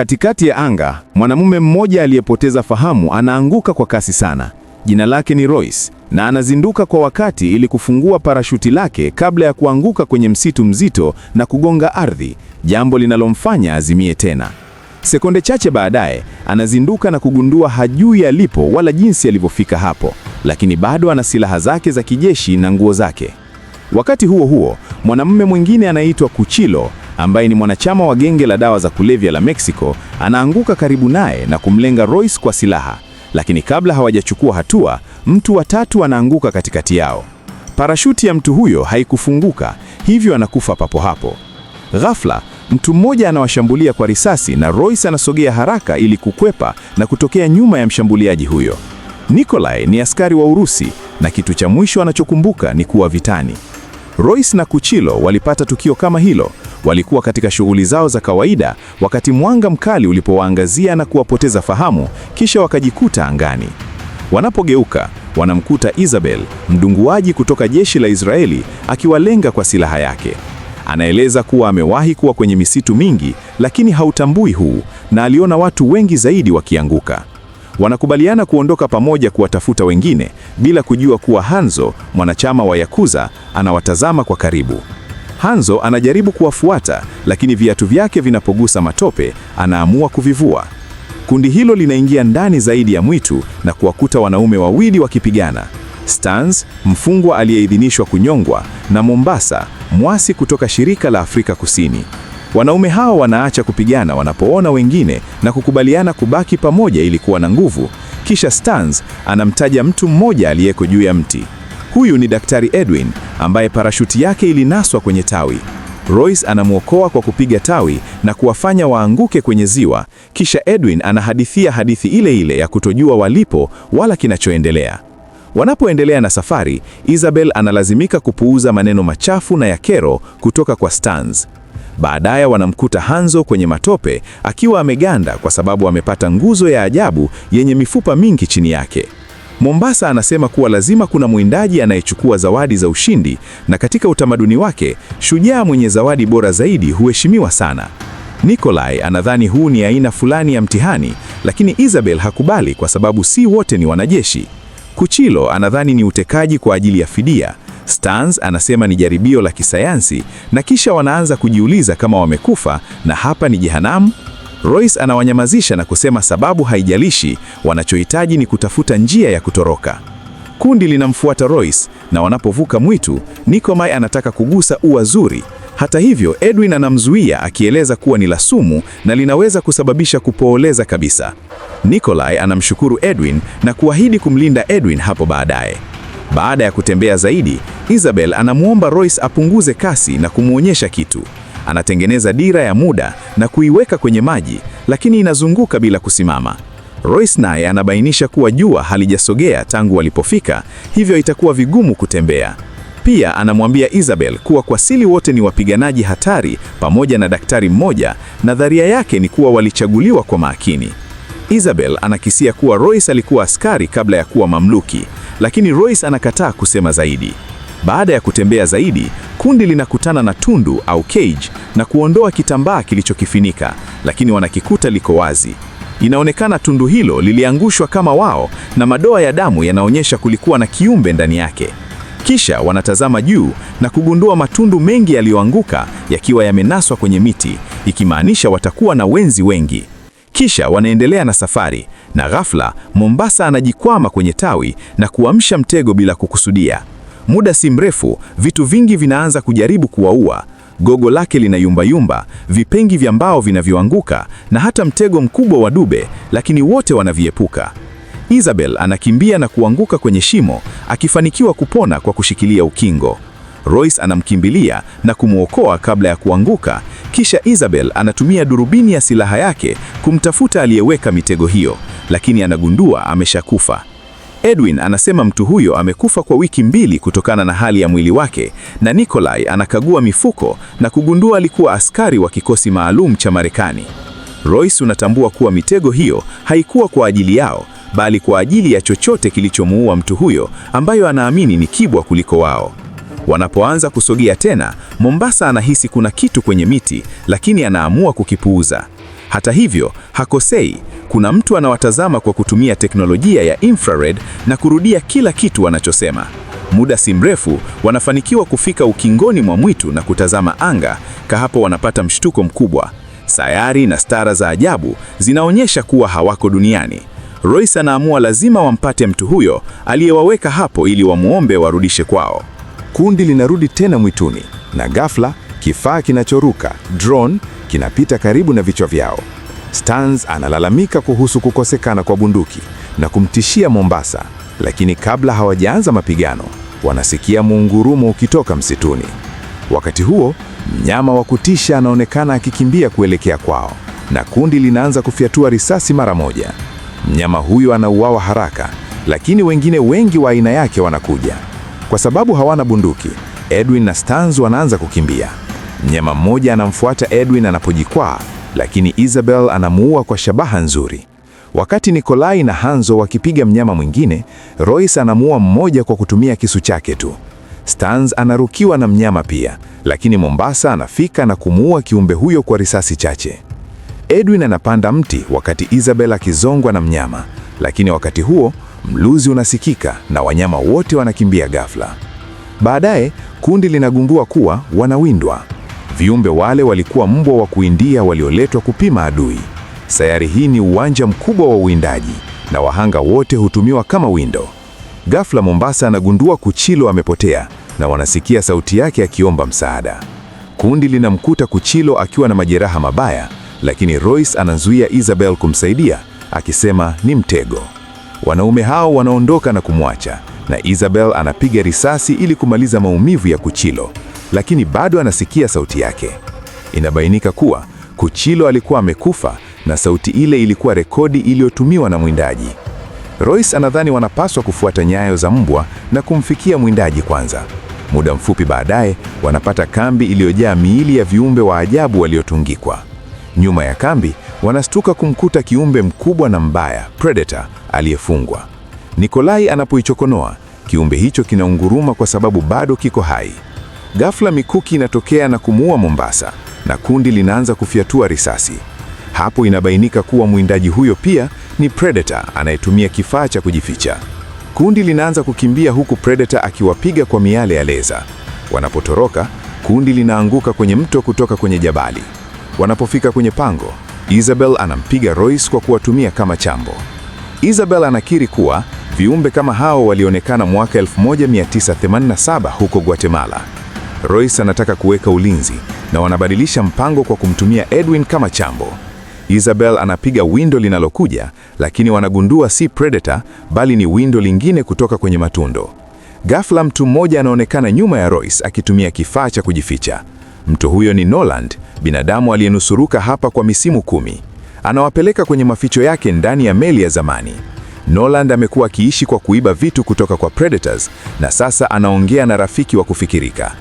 Katikati ya anga, mwanamume mmoja aliyepoteza fahamu anaanguka kwa kasi sana. Jina lake ni Royce na anazinduka kwa wakati ili kufungua parashuti lake kabla ya kuanguka kwenye msitu mzito na kugonga ardhi, jambo linalomfanya azimie tena. Sekunde chache baadaye, anazinduka na kugundua hajui alipo wala jinsi alivyofika hapo, lakini bado ana silaha zake za kijeshi na nguo zake. Wakati huo huo, mwanamume mwingine anaitwa Kuchilo ambaye ni mwanachama wa genge la dawa za kulevya la Mexico, anaanguka karibu naye na kumlenga Royce kwa silaha, lakini kabla hawajachukua hatua, mtu wa tatu anaanguka katikati yao. Parashuti ya mtu huyo haikufunguka, hivyo anakufa papo hapo. Ghafla, mtu mmoja anawashambulia kwa risasi na Royce anasogea haraka ili kukwepa na kutokea nyuma ya mshambuliaji huyo. Nikolai ni askari wa Urusi na kitu cha mwisho anachokumbuka ni kuwa vitani. Royce na Kuchilo walipata tukio kama hilo Walikuwa katika shughuli zao za kawaida wakati mwanga mkali ulipowaangazia na kuwapoteza fahamu, kisha wakajikuta angani. Wanapogeuka wanamkuta Isabel, mdunguaji kutoka jeshi la Israeli, akiwalenga kwa silaha yake. Anaeleza kuwa amewahi kuwa kwenye misitu mingi, lakini hautambui huu, na aliona watu wengi zaidi wakianguka. Wanakubaliana kuondoka pamoja kuwatafuta wengine, bila kujua kuwa Hanzo, mwanachama wa Yakuza, anawatazama kwa karibu. Hanzo anajaribu kuwafuata, lakini viatu vyake vinapogusa matope, anaamua kuvivua. Kundi hilo linaingia ndani zaidi ya mwitu na kuwakuta wanaume wawili wakipigana. Stans, mfungwa aliyeidhinishwa kunyongwa, na Mombasa, mwasi kutoka shirika la Afrika Kusini. Wanaume hao wanaacha kupigana wanapoona wengine na kukubaliana kubaki pamoja ili kuwa na nguvu. Kisha Stans anamtaja mtu mmoja aliyeko juu ya mti. Huyu ni Daktari Edwin ambaye parashuti yake ilinaswa kwenye tawi. Royce anamwokoa kwa kupiga tawi na kuwafanya waanguke kwenye ziwa, kisha Edwin anahadithia hadithi ile ile ya kutojua walipo wala kinachoendelea. Wanapoendelea na safari, Isabel analazimika kupuuza maneno machafu na ya kero kutoka kwa Stans. Baadaye wanamkuta Hanzo kwenye matope akiwa ameganda kwa sababu amepata nguzo ya ajabu yenye mifupa mingi chini yake. Mombasa anasema kuwa lazima kuna mwindaji anayechukua zawadi za ushindi, na katika utamaduni wake shujaa mwenye zawadi bora zaidi huheshimiwa sana. Nikolai anadhani huu ni aina fulani ya mtihani, lakini Isabel hakubali kwa sababu si wote ni wanajeshi. Kuchilo anadhani ni utekaji kwa ajili ya fidia. Stans anasema ni jaribio la kisayansi, na kisha wanaanza kujiuliza kama wamekufa na hapa ni jehanamu. Royce anawanyamazisha na kusema sababu haijalishi, wanachohitaji ni kutafuta njia ya kutoroka. Kundi linamfuata Royce na wanapovuka mwitu, Nikomai anataka kugusa ua zuri. Hata hivyo, Edwin anamzuia akieleza kuwa ni la sumu na linaweza kusababisha kupooleza kabisa. Nikolai anamshukuru Edwin na kuahidi kumlinda Edwin hapo baadaye. Baada ya kutembea zaidi, Isabel anamwomba Royce apunguze kasi na kumwonyesha kitu. Anatengeneza dira ya muda na kuiweka kwenye maji, lakini inazunguka bila kusimama. Royce naye anabainisha kuwa jua halijasogea tangu walipofika, hivyo itakuwa vigumu kutembea. Pia anamwambia Isabel kuwa kwa sili wote ni wapiganaji hatari pamoja na daktari mmoja, nadharia yake ni kuwa walichaguliwa kwa maakini. Isabel anakisia kuwa Royce alikuwa askari kabla ya kuwa mamluki, lakini Royce anakataa kusema zaidi. Baada ya kutembea zaidi, kundi linakutana na tundu au cage na kuondoa kitambaa kilichokifinika lakini wanakikuta liko wazi. Inaonekana tundu hilo liliangushwa kama wao na madoa ya damu yanaonyesha kulikuwa na kiumbe ndani yake. Kisha wanatazama juu na kugundua matundu mengi yaliyoanguka yakiwa yamenaswa kwenye miti, ikimaanisha watakuwa na wenzi wengi. Kisha wanaendelea na safari, na ghafla Mombasa anajikwama kwenye tawi na kuamsha mtego bila kukusudia. Muda si mrefu, vitu vingi vinaanza kujaribu kuwaua. Gogo lake lina yumbayumba, vipengi vya mbao vinavyoanguka na hata mtego mkubwa wa dube, lakini wote wanaviepuka. Isabel anakimbia na kuanguka kwenye shimo, akifanikiwa kupona kwa kushikilia ukingo. Royce anamkimbilia na kumwokoa kabla ya kuanguka, kisha Isabel anatumia durubini ya silaha yake kumtafuta aliyeweka mitego hiyo, lakini anagundua ameshakufa. Edwin anasema mtu huyo amekufa kwa wiki mbili kutokana na hali ya mwili wake, na Nikolai anakagua mifuko na kugundua alikuwa askari wa kikosi maalum cha Marekani. Royce unatambua kuwa mitego hiyo haikuwa kwa ajili yao, bali kwa ajili ya chochote kilichomuua mtu huyo ambayo anaamini ni kibwa kuliko wao. Wanapoanza kusogea tena, Mombasa anahisi kuna kitu kwenye miti, lakini anaamua kukipuuza. Hata hivyo, hakosei kuna mtu anawatazama kwa kutumia teknolojia ya infrared na kurudia kila kitu wanachosema. Muda si mrefu wanafanikiwa kufika ukingoni mwa mwitu na kutazama anga. Kahapo wanapata mshtuko mkubwa. Sayari na stara za ajabu zinaonyesha kuwa hawako duniani. Royce anaamua lazima wampate mtu huyo aliyewaweka hapo ili wamwombe warudishe kwao. Kundi linarudi tena mwituni na ghafla kifaa kinachoruka drone kinapita karibu na vichwa vyao. Stans analalamika kuhusu kukosekana kwa bunduki na kumtishia Mombasa, lakini kabla hawajaanza mapigano, wanasikia muungurumo ukitoka msituni. Wakati huo, mnyama wa kutisha anaonekana akikimbia kuelekea kwao na kundi linaanza kufyatua risasi mara moja. Mnyama huyo anauawa haraka, lakini wengine wengi wa aina yake wanakuja. Kwa sababu hawana bunduki, Edwin na Stans wanaanza kukimbia. Mnyama mmoja anamfuata Edwin anapojikwaa lakini Isabel anamuua kwa shabaha nzuri. Wakati Nikolai na Hanzo wakipiga mnyama mwingine, Royce anamuua mmoja kwa kutumia kisu chake tu. Stans anarukiwa na mnyama pia, lakini Mombasa anafika na kumuua kiumbe huyo kwa risasi chache. Edwin anapanda mti wakati Isabel akizongwa na mnyama, lakini wakati huo mluzi unasikika na wanyama wote wanakimbia ghafla. Baadaye kundi linagumbua kuwa wanawindwa. Viumbe wale walikuwa mbwa wa kuindia walioletwa kupima adui. Sayari hii ni uwanja mkubwa wa uindaji na wahanga wote hutumiwa kama windo. Ghafla Mombasa anagundua Kuchilo amepotea na wanasikia sauti yake akiomba msaada. Kundi linamkuta Kuchilo akiwa na majeraha mabaya, lakini Royce anazuia Isabel kumsaidia akisema ni mtego. Wanaume hao wanaondoka na kumwacha na Isabel anapiga risasi ili kumaliza maumivu ya Kuchilo lakini bado anasikia sauti yake. Inabainika kuwa Kuchilo alikuwa amekufa na sauti ile ilikuwa rekodi iliyotumiwa na mwindaji. Royce anadhani wanapaswa kufuata nyayo za mbwa na kumfikia mwindaji kwanza. Muda mfupi baadaye, wanapata kambi iliyojaa miili ya viumbe wa ajabu waliotungikwa. Nyuma ya kambi, wanastuka kumkuta kiumbe mkubwa na mbaya, Predator, aliyefungwa. Nikolai anapoichokonoa, kiumbe hicho kinaunguruma kwa sababu bado kiko hai. Ghafla mikuki inatokea na kumuua Mombasa na kundi linaanza kufyatua risasi. Hapo inabainika kuwa mwindaji huyo pia ni Predator anayetumia kifaa cha kujificha. Kundi linaanza kukimbia huku Predator akiwapiga kwa miale ya leza. Wanapotoroka, kundi linaanguka kwenye mto kutoka kwenye jabali. Wanapofika kwenye pango, Isabel anampiga Royce kwa kuwatumia kama chambo. Isabel anakiri kuwa viumbe kama hao walionekana mwaka 1987 huko Guatemala. Royce anataka kuweka ulinzi na wanabadilisha mpango kwa kumtumia Edwin kama chambo. Isabel anapiga windo linalokuja, lakini wanagundua si Predator bali ni windo lingine kutoka kwenye matundo. Ghafla mtu mmoja anaonekana nyuma ya Royce akitumia kifaa cha kujificha. Mtu huyo ni Noland, binadamu aliyenusuruka hapa kwa misimu kumi. Anawapeleka kwenye maficho yake ndani ya meli ya zamani. Noland amekuwa akiishi kwa kuiba vitu kutoka kwa Predators na sasa anaongea na rafiki wa kufikirika.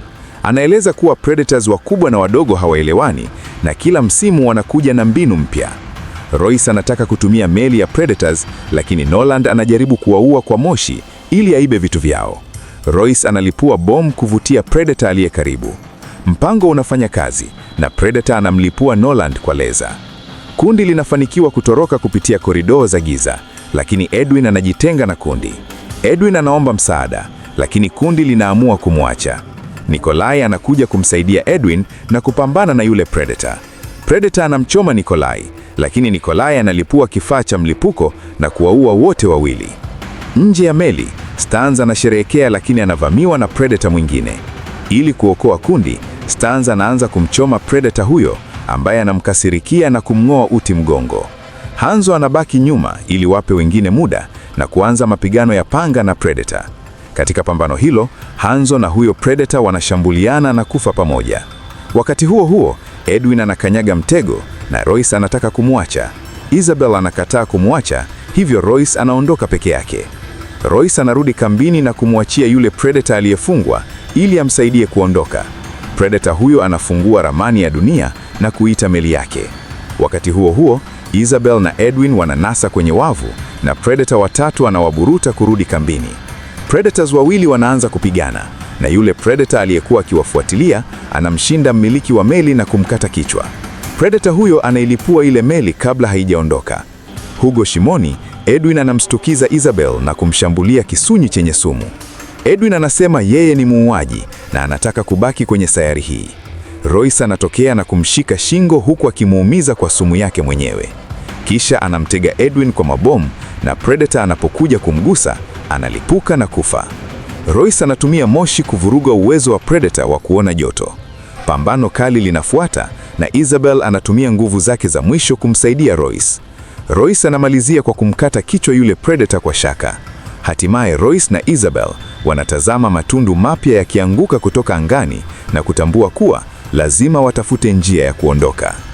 Anaeleza kuwa predators wakubwa na wadogo hawaelewani na kila msimu wanakuja na mbinu mpya. Royce anataka kutumia meli ya predators, lakini Noland anajaribu kuwaua kwa moshi ili aibe vitu vyao. Royce analipua bomu kuvutia predator aliye karibu. Mpango unafanya kazi na predator anamlipua Noland kwa leza. Kundi linafanikiwa kutoroka kupitia korido za giza, lakini Edwin anajitenga na kundi. Edwin anaomba msaada, lakini kundi linaamua kumwacha. Nikolai anakuja kumsaidia Edwin na kupambana na yule Predator. Predator anamchoma Nikolai, lakini Nikolai analipua kifaa cha mlipuko na kuwaua wote wawili. Nje ya meli, Stanza anasherehekea lakini anavamiwa na Predator mwingine. Ili kuokoa kundi, Stanza anaanza kumchoma Predator huyo ambaye anamkasirikia na kumng'oa uti mgongo. Hanzo anabaki nyuma ili wape wengine muda na kuanza mapigano ya panga na Predator. Katika pambano hilo, Hanzo na huyo Predator wanashambuliana na kufa pamoja. Wakati huo huo, Edwin anakanyaga mtego na Royce anataka kumwacha. Isabel anakataa kumwacha, hivyo Royce anaondoka peke yake. Royce anarudi kambini na kumwachia yule Predator aliyefungwa ili amsaidie kuondoka. Predator huyo anafungua ramani ya dunia na kuita meli yake. Wakati huo huo, Isabel na Edwin wananasa kwenye wavu na Predator watatu anawaburuta kurudi kambini. Predators wawili wanaanza kupigana na yule predator aliyekuwa akiwafuatilia anamshinda mmiliki wa meli na kumkata kichwa. Predator huyo anailipua ile meli kabla haijaondoka. Hugo Shimoni, Edwin anamstukiza Isabel na kumshambulia kisunyi chenye sumu. Edwin anasema yeye ni muuaji na anataka kubaki kwenye sayari hii. Royce anatokea na kumshika shingo huku akimuumiza kwa sumu yake mwenyewe. Kisha anamtega Edwin kwa mabomu na Predator anapokuja kumgusa, analipuka na kufa. Royce anatumia moshi kuvuruga uwezo wa Predator wa kuona joto. Pambano kali linafuata na Isabel anatumia nguvu zake za mwisho kumsaidia Royce. Royce anamalizia kwa kumkata kichwa yule Predator kwa shaka. Hatimaye Royce na Isabel wanatazama matundu mapya yakianguka kutoka angani na kutambua kuwa lazima watafute njia ya kuondoka.